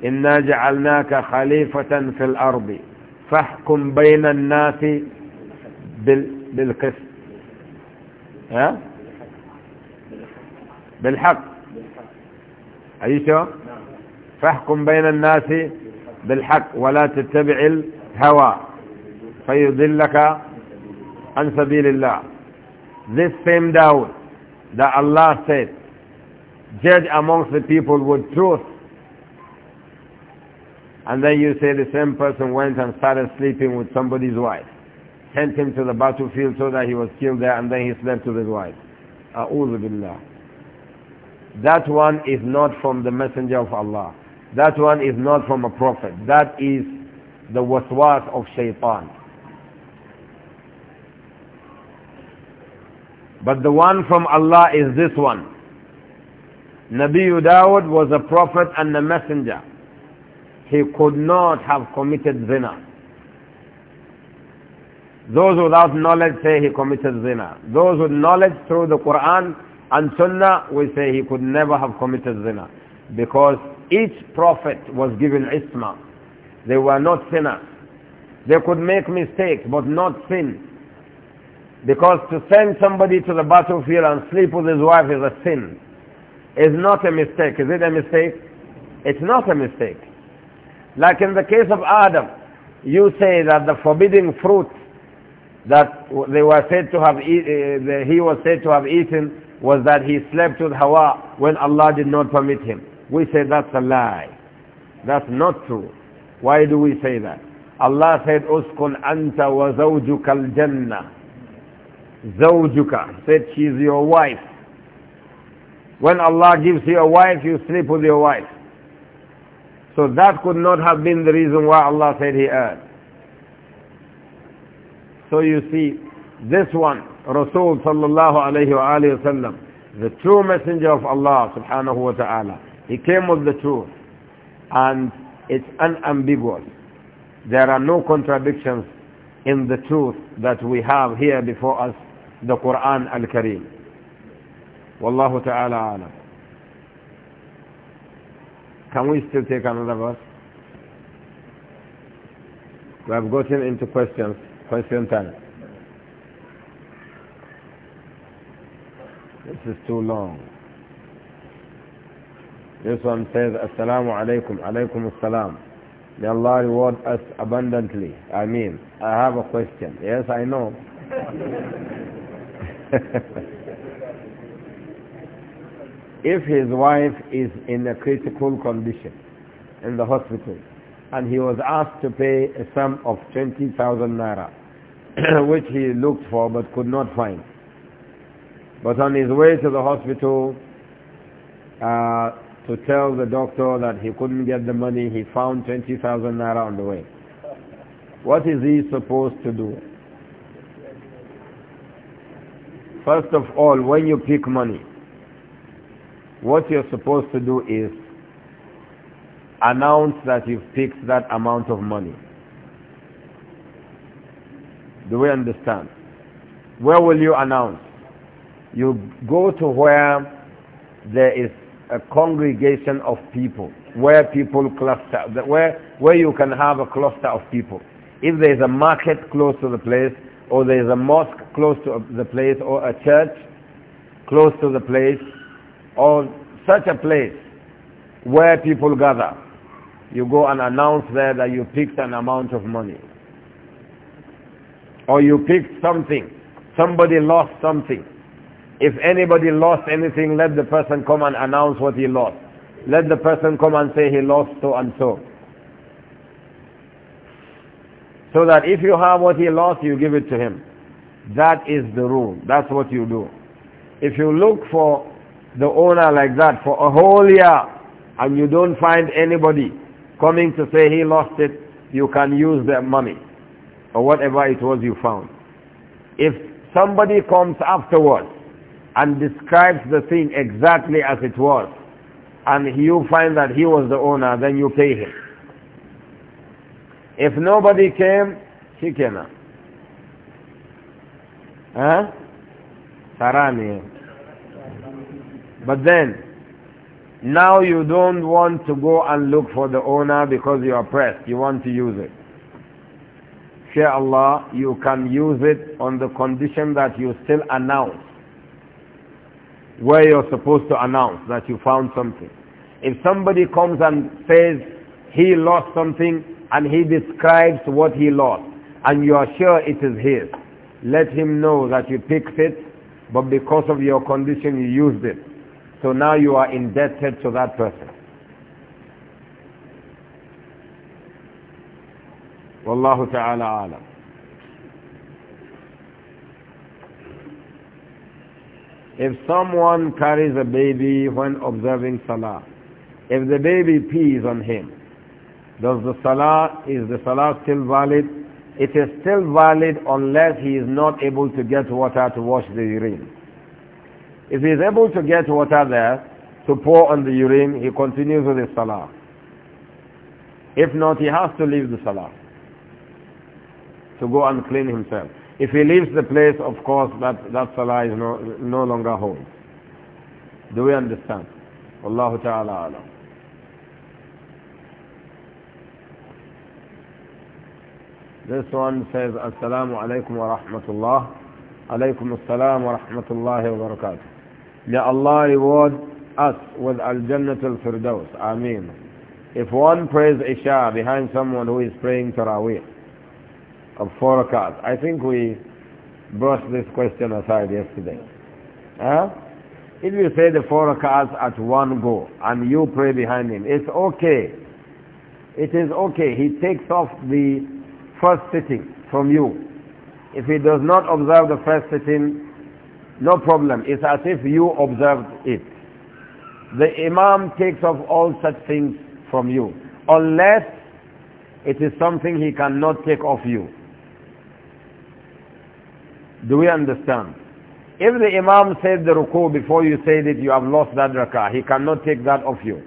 A: إِنَّا جَعَلْنَاكَ خَلِيفَةً فِي الْأَرْضِ فَاحْكُمْ بَيْنَ النَّاسِ بِالْقِسْطِ Huh? بالحق Are you فاحكم بين الناس بالحق ولا تتبع الهوى فيضلك عن سبيل الله This same doubt that Allah said judge amongst the people with truth and then you say the same person went and started sleeping with somebody's wife sent him to the battlefield so that he was killed there and then he slept with his wife أعوذ بالله that one is not from the messenger of Allah. That one is not from a prophet. That is the waswas of shaitan. But the one from Allah is this one. Nabi Dawud was a prophet and a messenger. He could not have committed zina. Those without knowledge say he committed zina. Those with knowledge through the Quran and Sunnah we say he could never have committed zina because each prophet was given isma. They were not sinners. They could make mistakes but not sin. Because to send somebody to the battlefield and sleep with his wife is a sin. It's not a mistake. Is it a mistake? It's not a mistake. Like in the case of Adam, you say that the forbidden fruit that they were said to have e eh, eh, he was said to have eaten was that he slept with Hawa when Allah did not permit him. We say that's a lie. That's not true. Why do we say that? Allah said, Uskun anta wa zawjuka al-jannah. Zawjuka. Said she's your wife. When Allah gives you a wife, you sleep with your wife. So that could not have been the reason why Allah said he erred. So you see, this one Rasul sallallahu alayhi wa alayhi wa the true messenger of Allah subhanahu wa ta'ala. He came with the truth and it's unambiguous. There are no contradictions in the truth that we have here before us, the Quran al-Kareem. Wallahu ta'ala alam. Can we still take another verse? We have gotten into questions, question time. This is too long. This one says, Assalamu alaikum, alaikum assalam. May Allah reward us abundantly. I mean, I have a question. Yes, I know.
B: *laughs*
A: if his wife is in a critical condition in the hospital and he was asked to pay a sum of 20,000 naira, *clears throat* which he looked for but could not find, but on his way to the hospital uh, to tell the doctor that he couldn't get the money, he found 20,000 naira on the way. What is he supposed to do? First of all, when you pick money, what you're supposed to do is announce that you've picked that amount of money. Do we understand? Where will you announce? you go to where there is a congregation of people, where people cluster, where, where you can have a cluster of people. If there is a market close to the place, or there is a mosque close to the place, or a church close to the place, or such a place where people gather, you go and announce there that you picked an amount of money. Or you picked something. Somebody lost something if anybody lost anything, let the person come and announce what he lost. Let the person come and say he lost so and so. So that if you have what he lost, you give it to him. That is the rule. That's what you do. If you look for the owner like that for a whole year and you don't find anybody coming to say he lost it, you can use their money or whatever it was you found. If somebody comes afterwards and describes the thing exactly as it was, and you find that he was the owner, then you pay him. If nobody came, shikena. Huh? Sarani. But then, now you don't want to go and look for the owner because you are pressed. You want to use it. Share Allah, you can use it on the condition that you still announce where you're supposed to announce that you found something. If somebody comes and says he lost something and he describes what he lost and you are sure it is his, let him know that you picked it, but because of your condition you used it. So now you are indebted to that person. Wallahu ta'ala alam. If someone carries a baby when observing salah, if the baby pees on him, does the salah, is the salah still valid? It is still valid unless he is not able to get water to wash the urine. If he is able to get water there to pour on the urine, he continues with his salah. If not, he has to leave the salah to go and clean himself. If he leaves the place, of course, that, that salah is no, no longer holds. Do we understand? Allahu ta'ala alam. This one says, Assalamu alaikum wa rahmatullah. Alaykum assalam wa rahmatullahi wa barakatuh. May Allah reward us with al al Firdaus. Ameen. If one prays Isha behind someone who is praying Taraweeh, of four cards. I think we brushed this question aside yesterday. Huh? If you say the four rakats at one go and you pray behind him, it's okay. It is okay. He takes off the first sitting from you. If he does not observe the first sitting, no problem. It's as if you observed it. The Imam takes off all such things from you, unless it is something he cannot take off you. Do we understand? If the Imam said the ruku before you said it, you have lost that rak'ah. He cannot take that off you.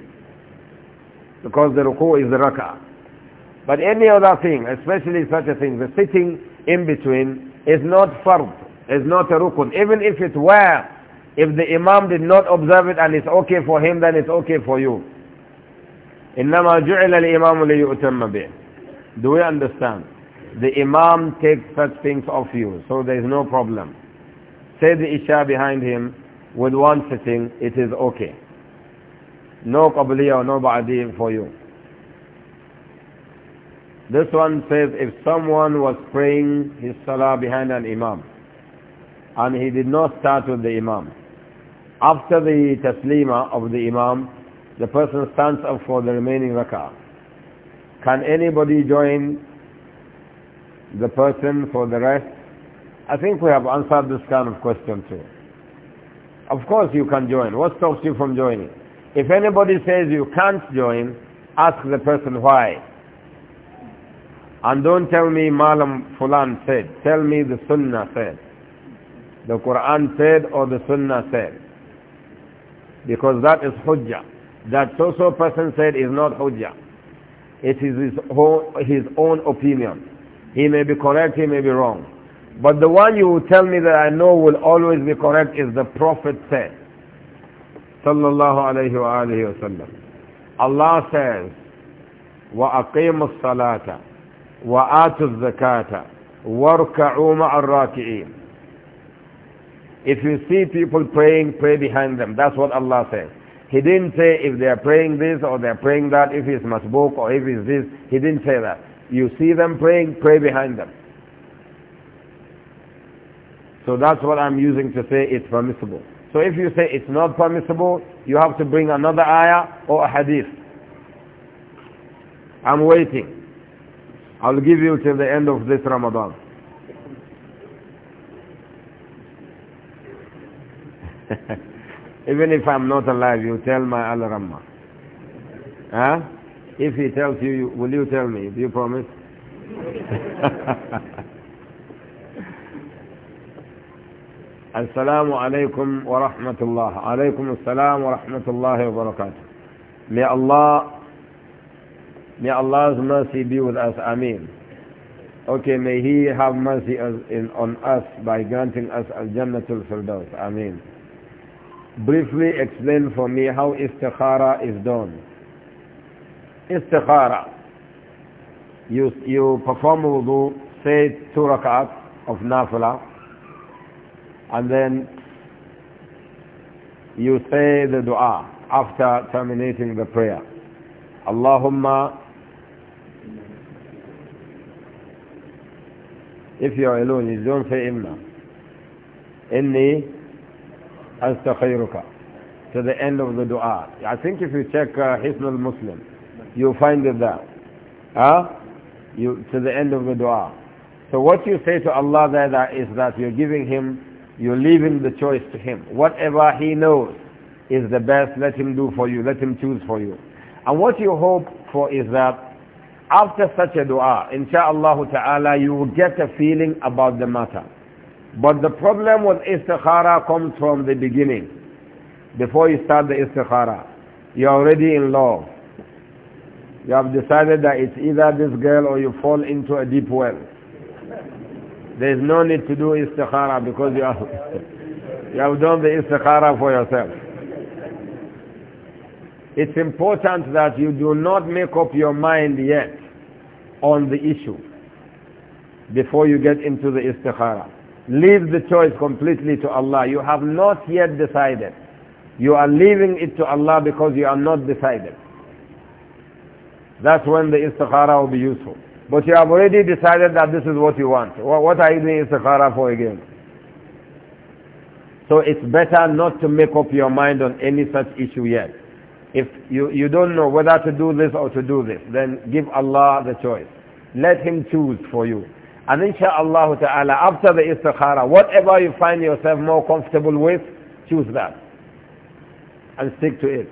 A: Because the ruku is the rak'ah. But any other thing, especially such a thing, the sitting in between is not fard, is not a rukun. Even if it were, if the Imam did not observe it and it's okay for him, then it's okay for you. إنما جعل الإمام ليؤتم به. Do we understand? The Imam takes such things off you, so there is no problem. Say the Isha behind him with one sitting, it is okay. No Qabliya or no Ba'di for you. This one says if someone was praying his salah behind an Imam and he did not start with the Imam, after the taslima of the Imam, the person stands up for the remaining rak'ah. Can anybody join the person for the rest? I think we have answered this kind of question too. Of course you can join. What stops you from joining? If anybody says you can't join, ask the person why. And don't tell me Malam Fulan said. Tell me the Sunnah said. The Quran said or the Sunnah said. Because that is Hujjah. That so-so person said is not Hujjah. It is his own, his own opinion. He may be correct, he may be wrong. But the one you will tell me that I know will always be correct is the Prophet said. Sallallahu alayhi wa alayhi wa sallam. Allah says, وَأَقِيمُوا الصَّلَاةَ وَآتُوا الزَّكَاةَ وَارْكَعُوا مَعَ الرَّاكِعِينَ If you see people praying, pray behind them. That's what Allah says. He didn't say if they are praying this or they are praying that, if it's masbuk or if it's this. He didn't say that. You see them praying, pray behind them. So that's what I'm using to say it's permissible. So if you say it's not permissible, you have to bring another ayah or a hadith. I'm waiting. I'll give you till the end of this Ramadan. *laughs* Even if I'm not alive, you tell my Al-Ramma. Huh? If he tells you, will you tell me? Do you promise? *laughs* Assalamu alaikum wa rahmatullah. Alaikum assalam wa rahmatullahi wa barakatuh. May Allah, may Allah's mercy be with us. Amin. Okay, may He have mercy on us by granting us al jannah al Firdaus. Amin. Briefly explain for me how istikhara is done istikhara. You, you perform wudu, say two of nafila, and then you say the dua after terminating the prayer. Allahumma, if you are alone, you don't say imna. Inni astakhiruka. To the end of the dua. I think if you check uh, Hisn muslim you find it there. Huh? You, to the end of the dua. So what you say to Allah there that is that you're giving Him, you're leaving the choice to Him. Whatever He knows is the best, let Him do for you, let Him choose for you. And what you hope for is that after such a dua, insha'Allah ta'ala, you will get a feeling about the matter. But the problem with istikhara comes from the beginning. Before you start the istikhara, you're already in love you have decided that it's either this girl or you fall into a deep well. There is no need to do istikhara because you have, *laughs* you have done the istikhara for yourself. It's important that you do not make up your mind yet on the issue before you get into the istikhara. Leave the choice completely to Allah. You have not yet decided. You are leaving it to Allah because you are not decided. That's when the istikhara will be useful. But you have already decided that this is what you want. What are you doing istikhara for again? So it's better not to make up your mind on any such issue yet. If you, you don't know whether to do this or to do this, then give Allah the choice. Let Him choose for you. And inshaAllah ta'ala, after the istikhara, whatever you find yourself more comfortable with, choose that. And stick to it.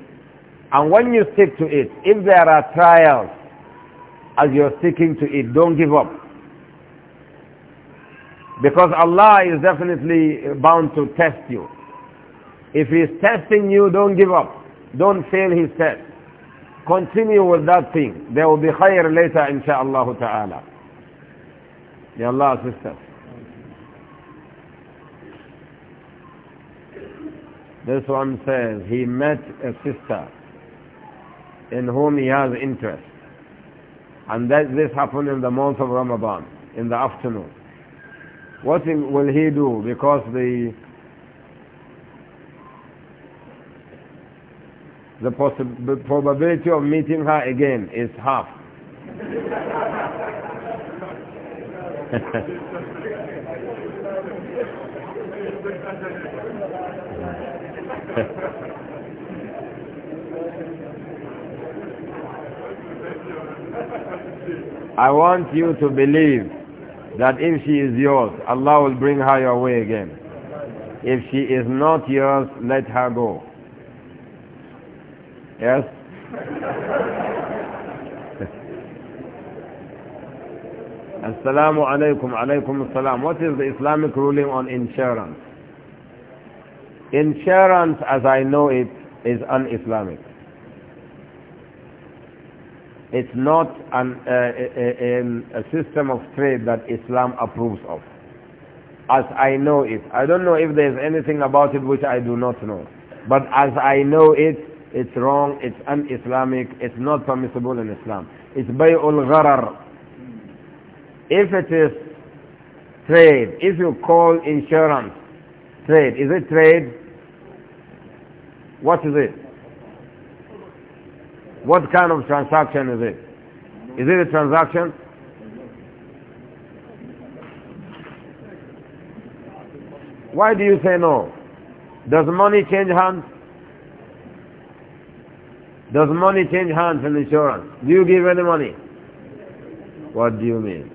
A: And when you stick to it, if there are trials as you're sticking to it, don't give up. Because Allah is definitely bound to test you. If He's testing you, don't give up. Don't fail His test. Continue with that thing. There will be higher later, insha'Allah ta'ala. May Allah sister. This one says, he met a sister in whom he has interest. And that this happened in the month of Ramadan, in the afternoon. What will he do? Because the the probability of meeting her again is half. *laughs* I want you to believe that if she is yours, Allah will bring her your way again. If she is not yours, let her go. Yes? *laughs* Assalamu alaikum, alaikum assalam. What is the Islamic ruling on insurance? Insurance, as I know it, is un-Islamic. It's not an, uh, a, a, um, a system of trade that Islam approves of, as I know it. I don't know if there's anything about it which I do not know. But as I know it, it's wrong, it's un-Islamic, it's not permissible in Islam. It's bay'ul gharar. If it is trade, if you call insurance trade, is it trade? What is it? What kind of transaction is it? Is it a transaction? Why do you say no? Does money change hands? Does money change hands in insurance? Do you give any money? What do you mean?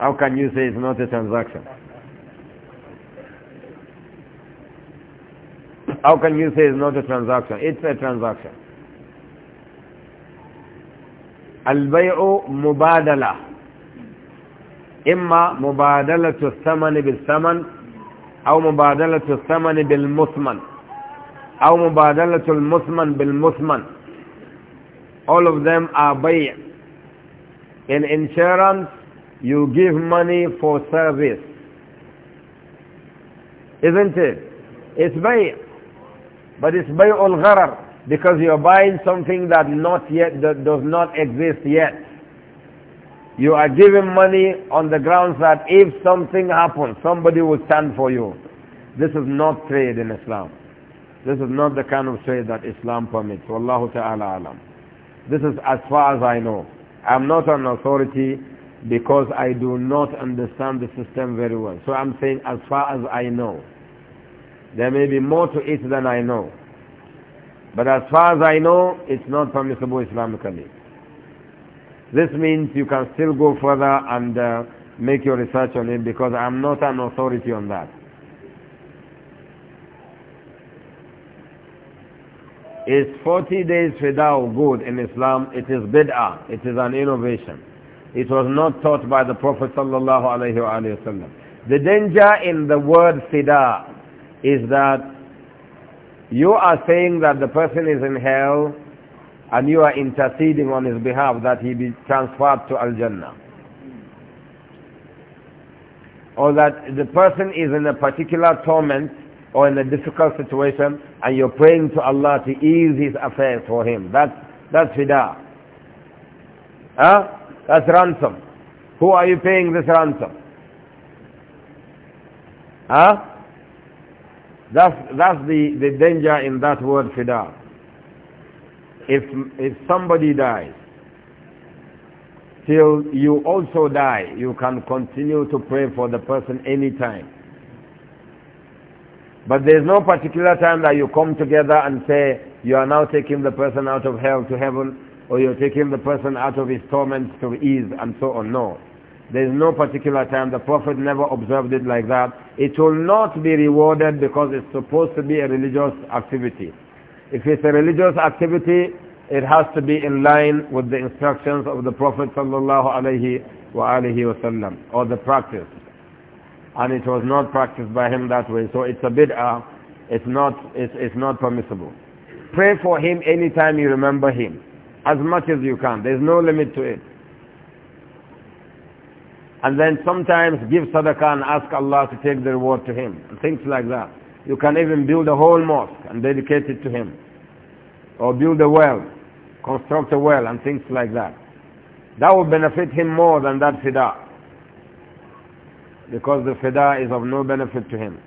A: How can you say it's not a transaction? How can you say it's not a transaction? It's a transaction. البيع مبادلة إما مبادلة الثمن بالثمن أو مبادلة الثمن بالمثمن أو مبادلة المثمن بالمثمن All of them are بيع In insurance, you give money for service. Isn't it? It's بيع But it's بيع الغرر Because you're buying something that not yet, that does not exist yet. You are giving money on the grounds that if something happens, somebody will stand for you. This is not trade in Islam. This is not the kind of trade that Islam permits. Wallahu ta'ala alam. This is as far as I know. I'm not an authority because I do not understand the system very well. So I'm saying as far as I know. There may be more to it than I know. But as far as I know, it's not permissible Islamically. This means you can still go further and uh, make your research on it because I'm not an authority on that. Is 40 days fidaw good in Islam? It is bid'ah. It is an innovation. It was not taught by the Prophet sallallahu alaihi wasallam. The danger in the word fida is that you are saying that the person is in hell and you are interceding on his behalf that he be transferred to Al-Jannah. Or that the person is in a particular torment or in a difficult situation and you're praying to Allah to ease his affairs for him. That's, that's fida. Huh? That's ransom. Who are you paying this ransom? Huh? That's, that's the, the danger in that word fida. If, if somebody dies, till you also die, you can continue to pray for the person anytime. But there's no particular time that you come together and say, you are now taking the person out of hell to heaven, or you're taking the person out of his torments to ease, and so on. No. There is no particular time. The Prophet never observed it like that. It will not be rewarded because it's supposed to be a religious activity. If it's a religious activity, it has to be in line with the instructions of the Prophet sallallahu alaihi wasallam or the practice. And it was not practiced by him that way. So it's a bid'ah. It's not, it's, it's not permissible. Pray for him anytime you remember him. As much as you can. There's no limit to it and then sometimes give sadaqah and ask Allah to take the reward to him, and things like that. You can even build a whole mosque and dedicate it to him. Or build a well, construct a well and things like that. That will benefit him more than that fidah. Because the fidah is of no benefit to him.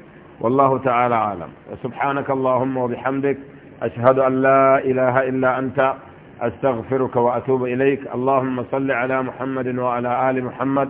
A: والله تعالى Taala سبحانك اللهم bihamdik. Ashhadu أن لا إله إلا أنت أستغفرك وأتوب إليك اللهم صل على محمد وعلى آل محمد